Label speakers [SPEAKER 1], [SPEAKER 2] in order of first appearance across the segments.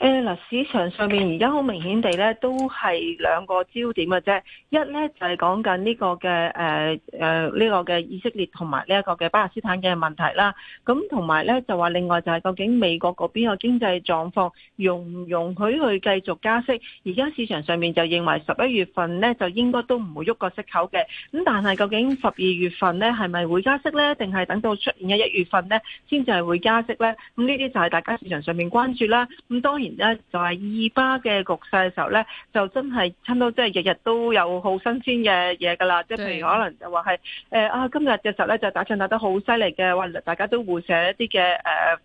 [SPEAKER 1] 誒、嗱、哎，市場上面而家好明顯地咧，都係兩個焦點嘅啫。一咧就係、是、講緊呢個嘅，誒、呃，誒，呢個嘅以色列同埋呢一個嘅巴勒斯坦嘅問題啦。咁同埋咧，就話另外就係究竟美國嗰邊個經濟狀況容唔容許佢繼續加息？而家市場上面就認為十一月份咧，就應該都唔會喐個息口嘅。咁但係究竟十二月份咧，係咪會加息咧？定係等到出現嘅一月份咧，先至係會加息咧？咁呢啲就係大家市場上面關注啦。咁、嗯、當然。一就係以巴嘅局勢嘅時候咧，就真係差唔多，即係日日都有好新鮮嘅嘢㗎啦。即係譬如可能就話係誒啊，今日嘅時候咧就打仗打得好犀利嘅，話大家都互射一啲嘅誒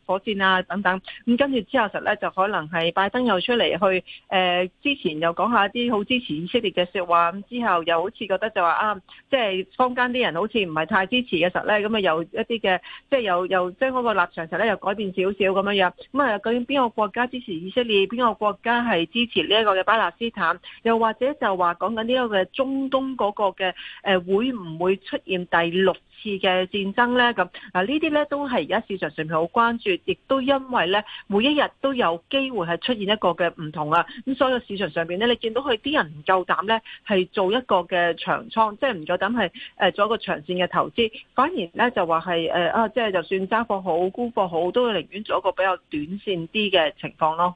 [SPEAKER 1] 火箭啊等等。咁跟住之後時候咧就可能係拜登又出嚟去誒、呃，之前又講下啲好支持以色列嘅説話。咁之後又好似覺得就話啊，即係坊間啲人好似唔係太支持嘅時候咧，咁啊又一啲嘅即係又又將嗰個立場時候咧又改變少少咁樣樣。咁啊究竟邊個國家支持以色？即係邊個國家係支持呢一個嘅巴勒斯坦，又或者就話講緊呢個嘅中東嗰個嘅，誒會唔會出現第六次嘅戰爭咧？咁嗱呢啲咧都係而家市場上面好關注，亦都因為咧每一日都有機會係出現一個嘅唔同啊。咁所以市場上邊咧，你見到佢啲人唔夠膽咧係做一個嘅長倉，即係唔夠膽係誒做一個長線嘅投資，反而咧就話係誒啊，即係就算揸貨好、沽貨好，都寧願做一個比較短線啲嘅情況咯。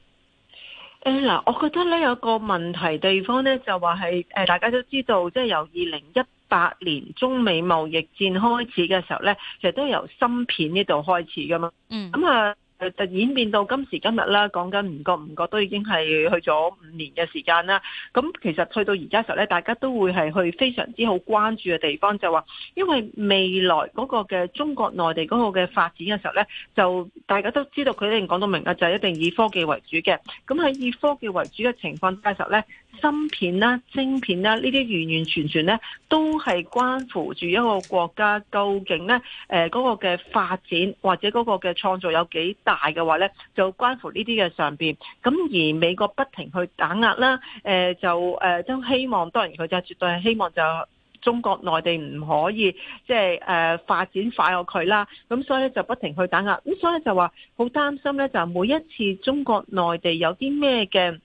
[SPEAKER 1] 誒嗱，我覺得咧有個問題地方咧，就話係誒大家都知道，即係由二零一八年中美貿易戰開始嘅時候咧，其實都是由芯片呢度開始噶嘛。嗯。咁啊。就演變到今時今日啦，講緊唔覺唔覺都已經係去咗五年嘅時間啦。咁其實去到而家嘅時候咧，大家都會係去非常之好關注嘅地方，就話因為未來嗰個嘅中國內地嗰個嘅發展嘅時候咧，就大家都知道佢一定講到明嘅，就係一定以科技為主嘅。咁喺以科技為主嘅情況下嘅時候咧，芯片啦、晶片啦，呢啲完完全全咧都係關乎住一個國家究竟咧誒嗰個嘅發展或者嗰個嘅創造有幾大。大嘅話咧，就關乎呢啲嘅上邊，咁而美國不停去打壓啦，誒、呃、就誒、呃、都希望，當然佢就絕對係希望就中國內地唔可以即係誒發展快過佢啦，咁所以咧就不停去打壓，咁所以就話好擔心咧，就每一次中國內地有啲咩嘅。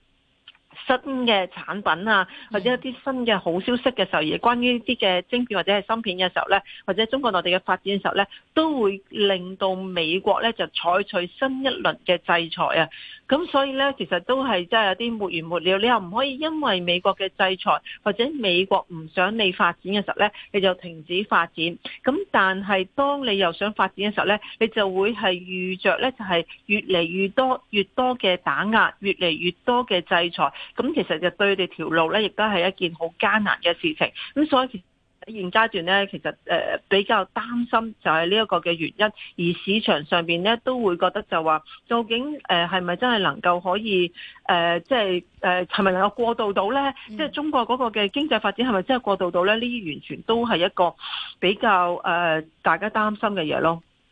[SPEAKER 1] 新嘅產品啊，或者一啲新嘅好消息嘅時候，而關於啲嘅晶片或者係芯片嘅時候咧，或者中國內地嘅發展嘅時候咧，都會令到美國咧就採取新一輪嘅制裁啊！咁所以咧，其實都係真係有啲沒完沒了。你又唔可以因為美國嘅制裁或者美國唔想你發展嘅時候咧，你就停止發展。咁但係當你又想發展嘅時候咧，你就會係遇著咧就係越嚟越多、越多嘅打壓，越嚟越多嘅制裁。咁其實就對佢哋條路咧，亦都係一件好艱難嘅事情。咁所以現階段咧，其實誒比較擔心就係呢一個嘅原因，而市場上面咧都會覺得就話，究竟誒係咪真係能夠可以誒，即係誒係咪能夠過渡到咧？即係、嗯、中國嗰個嘅經濟發展係咪真係過渡到咧？呢啲完全都係一個比較誒、呃、大家擔心嘅嘢咯。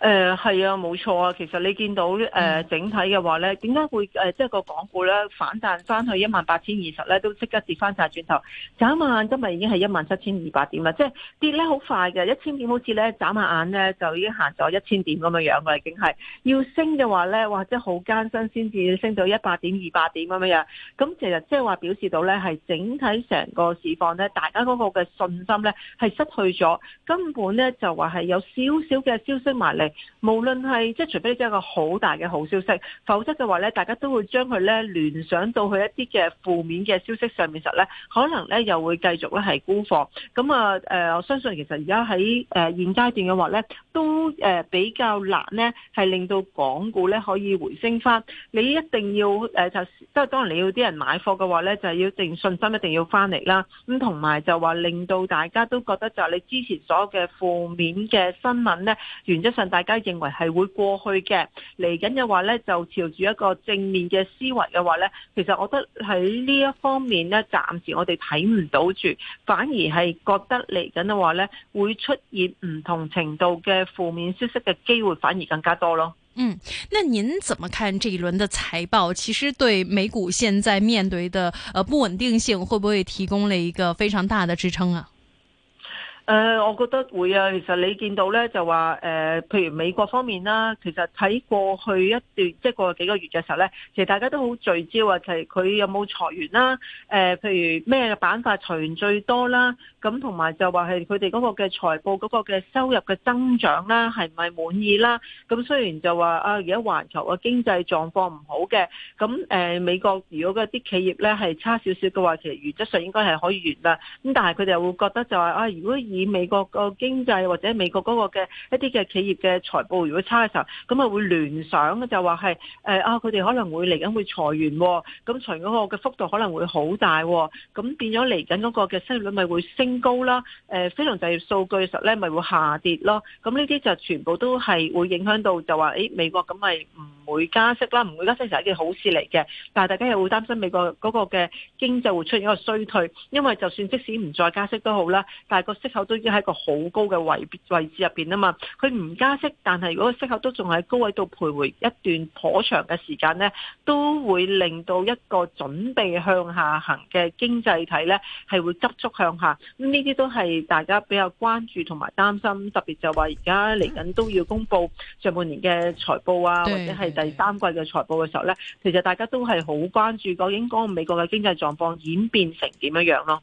[SPEAKER 1] 誒係、呃、啊，冇錯啊。其實你見到誒、呃、整體嘅話咧，點解會即係、呃就是、個港股咧反彈翻去一萬八千二十咧，都即刻跌翻晒轉頭？眨下眼今日已經係一萬七千二百點啦，即、就、係、是、跌咧好快嘅，一千點好似咧眨下眼咧就已經行咗一千點咁樣樣嘅，已經係要升嘅話咧，或者好艱辛先至升到一百點二百點咁樣樣。咁其實即係話表示到咧，係整體成個市況咧，大家嗰個嘅信心咧係失去咗，根本咧就話係有少少嘅消息埋嚟。無論係即係除非真係一個好大嘅好消息，否則嘅話咧，大家都會將佢咧聯想到去一啲嘅負面嘅消息上面，實咧可能咧又會繼續咧係沽貨。咁啊誒，我相信其實而家喺誒現階段嘅話咧，都誒比較難呢係令到港股咧可以回升翻。你一定要誒就即係當然你要啲人買貨嘅話咧，就係要定信心，一定要翻嚟啦。咁同埋就話令到大家都覺得就係你之前所有嘅負面嘅新聞咧，原則上大。大家認為係會過去嘅，嚟緊嘅話呢，就朝住一個正面嘅思維嘅話呢，其實我覺得喺呢一方面呢，暫時我哋睇唔到住，反而係覺得嚟緊嘅話呢，會出現唔同程度嘅負面消息嘅機會，反而更加多咯。嗯，
[SPEAKER 2] 那您怎麼看這一輪的財報？其實對美股現在面對的誒不穩定性，會不會提供了一個非常大的支撐啊？誒、呃，
[SPEAKER 1] 我覺得會啊！其實你見到咧就話誒、呃，譬如美國方面啦，其實喺過去一段即係過去幾個月嘅時候咧，其實大家都好聚焦啊，就係佢有冇裁員啦？誒、呃，譬如咩板塊裁員最多啦？咁同埋就話係佢哋嗰個嘅財報嗰個嘅收入嘅增長啦，係咪滿意啦？咁雖然就話啊，而家環球嘅經濟狀況唔好嘅，咁誒、呃、美國如果嘅啲企業咧係差少少嘅話，其實原則上應該係可以完啦。咁但係佢哋又會覺得就話啊，如果以美國個經濟或者美國嗰個嘅一啲嘅企業嘅財報如果差嘅時候，咁啊會聯想就話係誒啊佢哋可能會嚟緊會裁員，咁裁員嗰個嘅幅度可能會好大，咁變咗嚟緊嗰個嘅失業率咪會升高啦，誒非農就業數據嘅時候咧咪會下跌咯，咁呢啲就全部都係會影響到就話誒、哎、美國咁咪唔會加息啦，唔會加息成一件好事嚟嘅。但係大家又會擔心美國嗰個嘅經濟會出現一個衰退，因為就算即使唔再加息都好啦，但係個適合我都已經喺個好高嘅，位位置入邊啊嘛，佢唔加息，但係如果息口都仲喺高位度徘徊一段頗長嘅時間呢都會令到一個準備向下行嘅經濟體呢係會急速向下。咁呢啲都係大家比較關注同埋擔心，特別就話而家嚟緊都要公佈上半年嘅財報啊，或者係第三季嘅財報嘅時候呢，其實大家都係好關注究竟嗰個美國嘅經濟狀況演變成點樣樣咯。.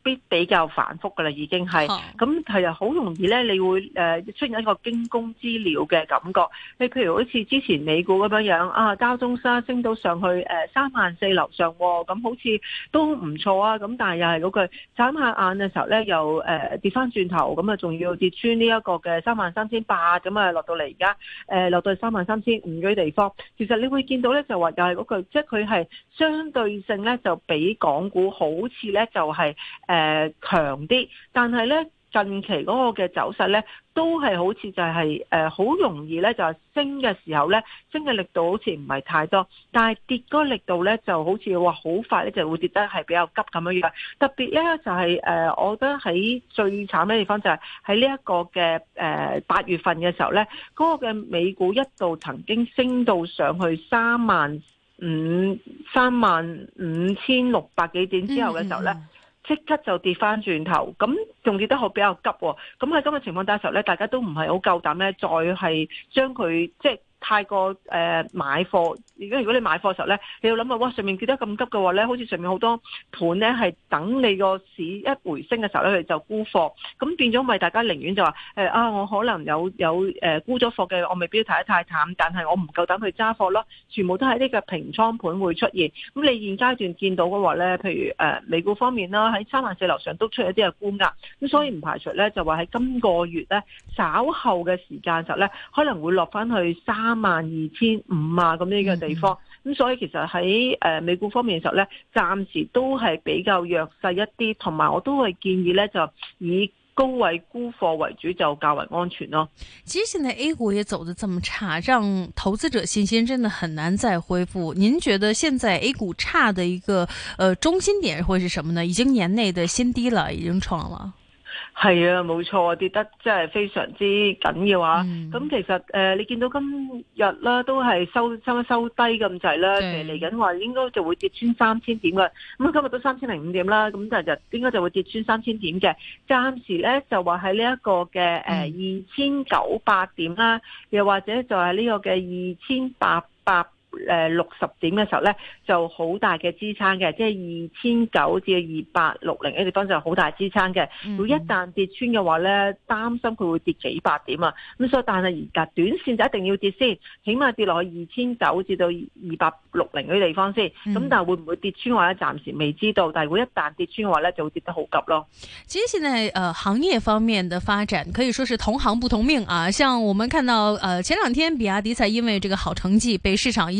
[SPEAKER 1] 必比，比較繁複噶啦，已經係咁
[SPEAKER 2] 係啊，好容
[SPEAKER 1] 易咧，你會誒出現一個驚弓之鳥嘅感覺。你譬如好似之前美股咁樣啊，道瓊斯升到上去誒三萬四樓上，咁、哦、好似都唔錯啊。咁但係又係嗰句眨下眼嘅時候咧，又誒、呃、跌翻轉頭，咁啊仲要跌穿呢一個嘅三萬三千八，咁啊落到嚟而家誒落到去三萬三千五嗰地方。其實你會見到咧，就話又係嗰句，即係佢係相對性咧，就比港股好似咧就係、是。誒、呃，強啲，但係咧，近期嗰個嘅走勢咧，都係好似就係、是、誒、好、呃、容易咧就係、是、升嘅時候咧，升嘅力度好似唔係太多，但係跌嗰個力度咧就好似話好快咧就會跌得係比較急咁樣樣。特別咧就係、是、誒、呃，我覺得喺最慘嘅地方就係喺呢一個嘅誒八月份嘅時候咧，嗰、那個嘅美股一度曾經升到上去三萬五三萬五千六百幾點之後嘅時候咧。嗯嗯即刻就跌翻轉頭，咁仲跌得好比較急喎，咁喺噉嘅情況底下時候咧，大家都唔係好夠膽咧，再係將佢即太過誒、呃、買貨，而家如果你買貨嘅時候咧，你要諗啊，哇上面跌得咁急嘅話咧，好似上面好多盤咧係等你個市一回升嘅時候咧，佢就沽貨。咁變咗咪大家寧願就話誒啊，我可能有有誒、呃、沽咗貨嘅，我未必要睇得太淡，但係我唔夠膽去揸貨咯，全部都喺呢個平倉盤會出現。咁你現階段見到嘅話咧，譬如誒、呃、美股方面啦，喺三萬四樓上都出一啲嘅沽壓，咁所以唔排除咧就話喺今個月咧稍後嘅時間時候咧，可能會落翻去三。三萬二千五啊，咁呢個地方，咁所以其實喺誒美股方面嘅時候咧，暫時都係比較弱勢一啲，同埋我都係建議咧就以高位沽貨為主，就較為安全咯。
[SPEAKER 2] 其實現在 A 股也走得這麼差，讓投資者信心真的很難再恢復。您覺得現在 A 股差的一個誒中心點會是什麼呢？已經年內的新低了，已經創了。
[SPEAKER 1] 係啊，冇錯啊，跌得真係非常之緊要啊，咁、嗯、其實誒、呃，你見到今日啦，都係收收一收低咁滯啦，嚟嚟緊話應該就會跌穿三千點嘅，咁、嗯、今日都三千零五點啦，咁第日應該就會跌穿三千點嘅。暫時咧就話喺呢一個嘅誒二千九百點啦，又、嗯、或者就係呢個嘅二千八百。誒，六十點嘅時候咧，就好大嘅支撐嘅，即係二千九至二百六零呢個地方就好大支撐嘅。如果一旦跌穿嘅話咧，擔心佢會跌幾百點啊。咁所以但係而家短線就一定要跌先，起碼跌落去二千九至到二百六零嗰啲地方先。咁但係會唔會跌穿，我咧暫時未知道。但係如果一旦跌穿嘅話咧，就會跌得好急咯。
[SPEAKER 2] 其實現在行業方面嘅發展，可以說是同行不同命啊。像我們看到前兩天比亞迪，才因為這個好成績被市場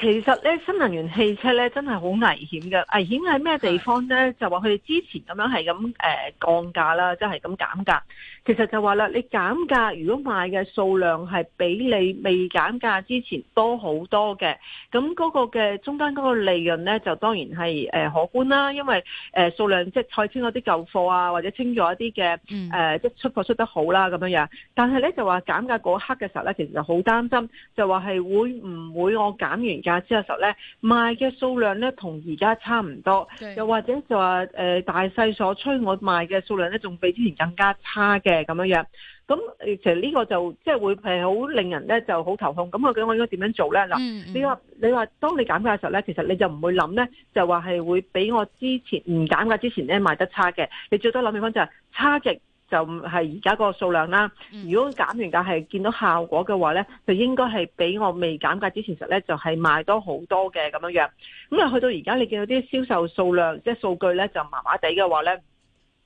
[SPEAKER 2] 其實咧，新能源汽車咧真係好危險嘅。危險喺咩地方咧？是就話佢哋之前咁樣係
[SPEAKER 1] 咁誒降價啦，即係咁減價。其實就話啦，你減價如果賣嘅數量係比你未減價之前多好多嘅，咁嗰個嘅中間嗰個利潤咧就當然係、呃、可觀啦。因為誒數、呃、量即係清嗰啲舊貨啊，或者清咗一啲嘅誒即係出貨出得好啦咁樣樣。但係咧就話減價嗰刻嘅時候咧，其實就好擔心，就話係會唔會我減完，之後嘅時候咧，賣嘅數量咧同而家差唔多，對又或者就話誒、呃、大勢所趨，我賣嘅數量咧仲比之前更加差嘅咁樣樣。咁其實呢個就即係會係好令人咧就好頭痛。咁我究竟我應該點樣做咧？嗱、嗯嗯，你話你話當你減價嘅時候咧，其實你就唔會諗咧，就話係會比我之前唔減價之前咧賣得差嘅。你最多諗嘅方就係、是、差值。就唔係而家個數量啦，如果減完價係見到效果嘅話呢，就應該係比我未減價之前實呢就係賣多好多嘅咁樣樣。咁啊，去到而家你見到啲銷售數量即係數據呢，就麻麻地嘅話呢。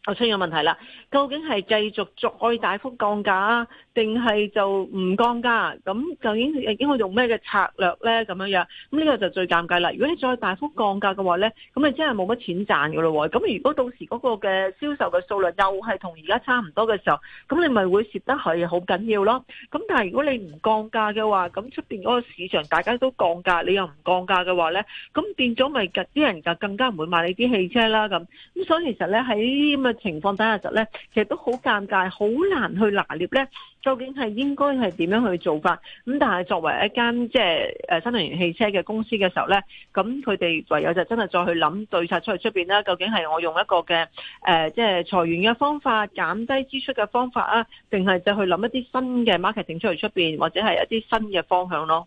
[SPEAKER 1] 我出現問題啦，究竟係繼續再大幅降價定係就唔降價？咁究竟應該用咩嘅策略咧？咁樣樣，咁呢個就最尷尬啦。如果你再大幅降價嘅話咧，咁你真係冇乜錢賺噶咯。咁如果到時嗰個嘅銷售嘅數量又係同而家差唔多嘅時候，咁你咪會蝕得係好緊要咯。咁但係如果你唔降價嘅話，咁出邊嗰個市場大家都降價，你又唔降價嘅話咧，咁變咗咪啲人就更加唔會買你啲汽車啦。咁咁所以其實咧喺情況底下就咧，其實都好尷尬，好難去拿捏咧，究竟係應該係點樣去做法？咁但係作為一間即係新能源汽車嘅公司嘅時候咧，咁佢哋唯有就真係再去諗對策出嚟出面啦。究竟係我用一個嘅誒，即、呃、係、就係裁員嘅方法減低支出嘅方法啊，定係就去諗一啲新嘅 marketing 出嚟出面，或者係一啲新嘅方向咯。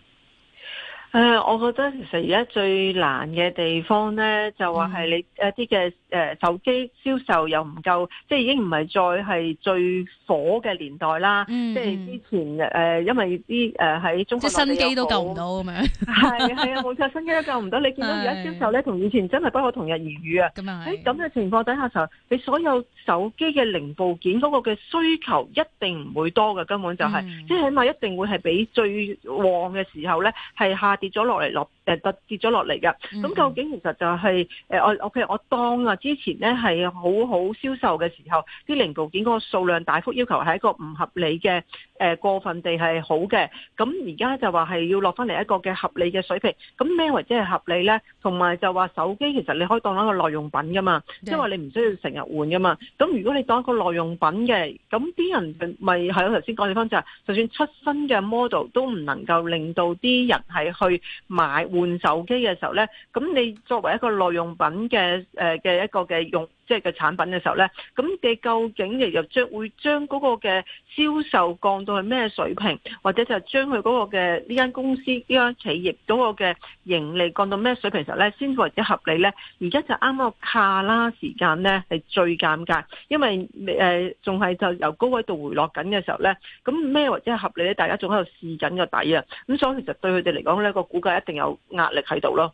[SPEAKER 1] 誒，我覺得其實而家最難嘅地方咧，就話係你一啲嘅誒手機銷售又唔夠，即係已經唔係再係最火嘅年代啦。即係之前誒，因為啲誒喺中國，即係新機都救唔到咁樣。係係啊，冇錯，新機都救唔到。你見到而家銷售咧，同以前真係不可同日而語啊。咁樣。喺咁嘅情況底下時候，你所有手機嘅零部件嗰個嘅需求一定唔會多嘅，根本就係即係起碼一定會係比最旺嘅時候咧係下。跌咗落嚟落。誒，突跌咗落嚟嘅，咁、mm hmm。究竟其實就係、是、誒，我我譬、okay，我當啊，之前咧係好好銷售嘅時候，啲零部件嗰個數量大幅要求係一個唔合理嘅，誒、呃、過分地係好嘅，咁而家就話係要落翻嚟一個嘅合理嘅水平，咁咩為之係合理咧？同埋就話手機其實你可以當一個耐用品噶嘛，即係話你唔需要成日換噶嘛。咁如果你當一個耐用品嘅，咁啲人咪係我頭先講地方就係，就算出新嘅 model 都唔能夠令到啲人係去買。換手機嘅時候呢，咁你作為一個耐用品嘅，誒嘅一個嘅用。即係嘅產品嘅時候咧，咁你究竟亦又將會將嗰個嘅銷售降到係咩水平，或者就將佢嗰個嘅呢間公司呢間企業嗰個嘅盈利降到咩水平時候咧，先或者合理咧？而家就啱啱個卡啦時間咧係最尷尬，因為誒仲係就由高位度回落緊嘅時候咧，咁咩或者係合理咧？大家仲喺度試緊個底啊！咁所以其實對佢哋嚟講咧，個估價一定有壓力喺度咯。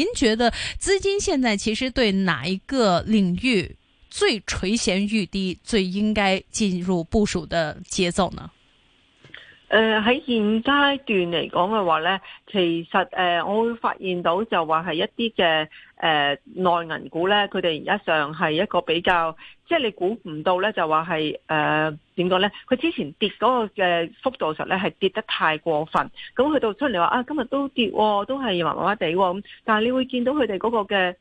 [SPEAKER 2] 您覺得資金現在其實對哪一個領域最垂涎欲滴，最應該進入部署的節奏呢？誒、
[SPEAKER 1] 呃，喺現階段嚟講嘅話呢，其實誒、呃、我會發現到就話係一啲嘅誒內銀股呢，佢哋而家上係一個比較。即係你估唔到咧，就話係誒點講咧？佢、呃、之前跌嗰個嘅幅度實咧係跌得太過分，咁去到出嚟話啊，今日都跌、哦，都係麻麻地咁。但係你會見到佢哋嗰個嘅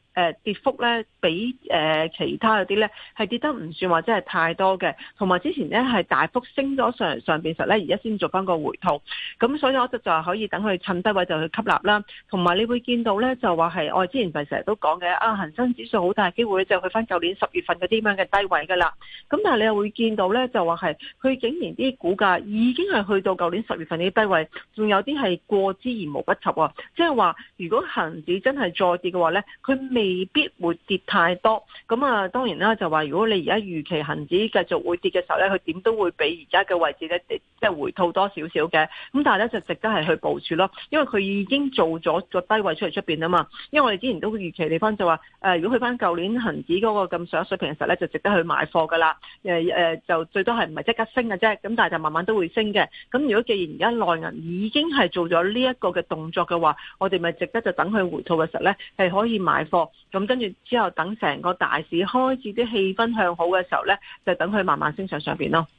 [SPEAKER 1] 跌幅咧，比、呃、其他嗰啲咧係跌得唔算話真係太多嘅。同埋之前咧係大幅升咗上上邊實咧，而家先做翻個回吐。咁所以我就就可以等佢趁低位就去吸納啦。同埋你會見到咧，就話係我哋之前就成日都講嘅啊，恆生指數好大機會就去翻舊年十月份嗰啲咁嘅低低位噶啦，咁 但係你又會見到咧，就話係佢竟然啲股價已經係去到舊年十月份啲低位，仲有啲係過之而無不及喎。即係話，如果恒指真係再跌嘅話咧，佢未必會跌太多。咁啊，當然啦，就話如果你而家預期恒指繼續會跌嘅時候咧，佢點都會比而家嘅位置咧即係回吐多少少嘅。咁但係咧就值得係去部署咯，因為佢已經做咗個低位出嚟出邊啊嘛。因為我哋之前都預期地方就話，誒，如果去翻舊年恒指嗰個咁上水平嘅時候咧，就值得。去買貨㗎喇，誒誒，就最多係唔係即刻升嘅啫，咁但係就慢慢都會升嘅。咁如果既然而家內銀已經係做咗呢一個嘅動作嘅話，我哋咪值得就等佢回吐嘅時候咧，係可以買貨。咁跟住之後等成個大市開始啲氣氛向好嘅時候咧，就等佢慢慢升上上面咯。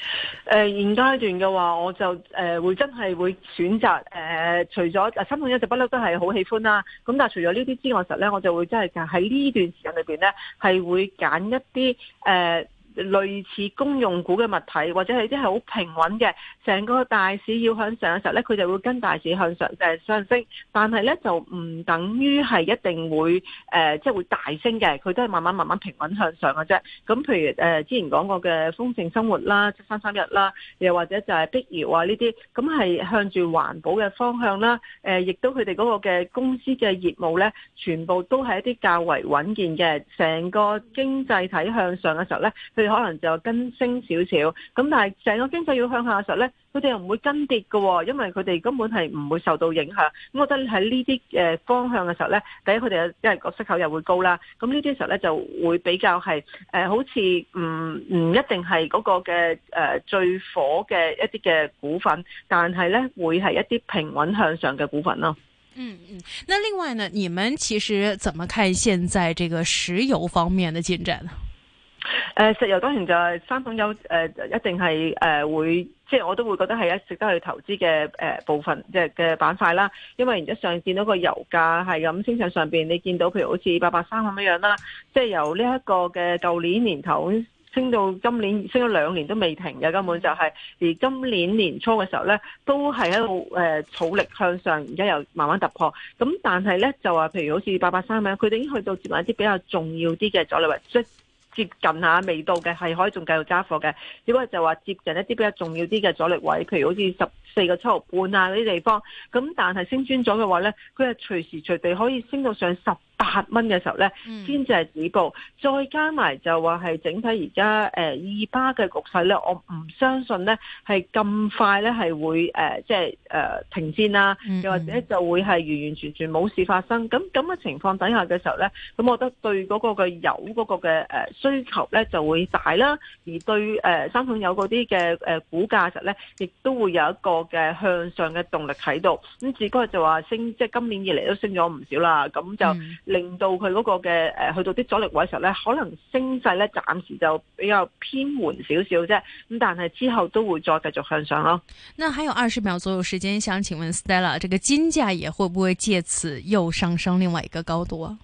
[SPEAKER 1] 誒、呃，現階段嘅話我、呃呃，我就誒會真係會選擇誒，除咗誒一不嬲都係好喜歡啦。咁但係除咗呢啲之外，實咧我就會真係就喺呢段時間裏邊咧，係會揀一啲誒。類似公用股嘅物體，或者係啲係好平穩嘅，成個大市要向上嘅時候咧，佢就會跟大市向上誒上升。但係咧就唔等於係一定會誒，即、呃、係、就係、會大升嘅，佢都係慢慢慢慢平穩向上嘅啫。咁譬如誒、呃、之前講過嘅豐盛生活啦、三三一啦，又或者就係碧瑤啊呢啲，咁係向住環保嘅方向啦。誒、呃，亦都佢哋嗰個嘅公司嘅業務咧，全部都係一啲較為穩健嘅，成個經濟體向上嘅時候咧，佢，可能就更升少少，咁但係成個經濟要向下嘅時候咧，佢哋又唔會跟跌嘅，因為佢哋根本係唔會受到影響。咁我覺得喺呢啲誒方向嘅時候咧，第一佢哋因為個息口又會高啦，咁呢啲時候咧就會比較係誒好似唔唔一定係嗰個嘅誒最火嘅一啲嘅股份，但係咧會係一啲平穩向上嘅股份咯。嗯
[SPEAKER 2] 嗯，那另外呢，你們其實怎麼看現在這個石油方面的進展？
[SPEAKER 1] 誒，石油當然就係三桶油誒，一定係誒會，即係我都會覺得係一值得去投資嘅誒部分，即係嘅板塊啦。因為而家上見到個油價係咁升上上邊，你見到譬如好似八八三咁樣樣啦，即係由呢一個嘅舊年年頭升到今年升咗兩年都未停嘅，根本就係，而今年年初嘅時候咧，都係喺度誒，草力向上，而家又慢慢突破。咁但係咧就話譬如好似八八三咁樣，佢哋已經去到接埋一啲比較重要啲嘅阻力位即。接近下未到嘅，係可以仲繼續加貨嘅。只不過就話接近一啲比較重要啲嘅阻力位，譬如好似十四個七毫半啊嗰啲地方，咁但係升穿咗嘅話呢，佢係隨時隨地可以升到上十。八蚊嘅時候咧，先至係止步，再加埋就話係整體而家誒以巴嘅局勢咧，我唔相信咧係咁快咧係會誒、呃、即係誒、呃、停戰啦，又、嗯嗯、或者就會係完完全全冇事發生。咁咁嘅情況底下嘅時候咧，咁我覺得對嗰個嘅油嗰個嘅誒需求咧就會大啦，而對誒、呃、三桶油嗰啲嘅誒股價實咧，亦都會有一個嘅向上嘅動力喺度。咁只不過就話升，即係今年以嚟都升咗唔少啦。咁就、嗯令到佢嗰個嘅誒，去到啲阻力位嘅時候咧，可能升勢咧暫時就比較偏緩少少啫。咁但係之後都會再繼續向上咯。那還
[SPEAKER 2] 有二十秒左右時間，想請問 Stella，這個金價也會不會借此又上升另外一個高度啊？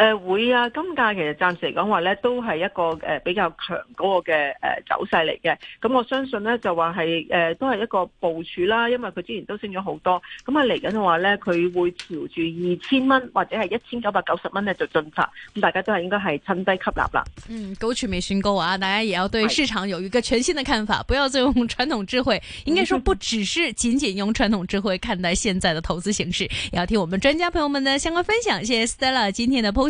[SPEAKER 1] 誒、呃、會啊，金價其實暫時嚟講話咧，都係一個誒、呃、比較強嗰個嘅誒走勢嚟嘅。咁、嗯、我相信呢，就話係誒都係一個部署啦，因為佢之前都升咗好多。咁啊嚟緊嘅話呢，佢會調住二千蚊或者係一千九百九十蚊呢，就進發。咁、嗯、大家都係應該係趁低吸納啦。嗯，
[SPEAKER 2] 高處未算高啊，大家也要對市場有一個全新的看法，是不要再用傳統智慧。應該說，不只是僅僅用傳統智慧看待現在的投資形式， 要聽我們專家朋友們的相關分享。謝謝 Stella 今天的 post。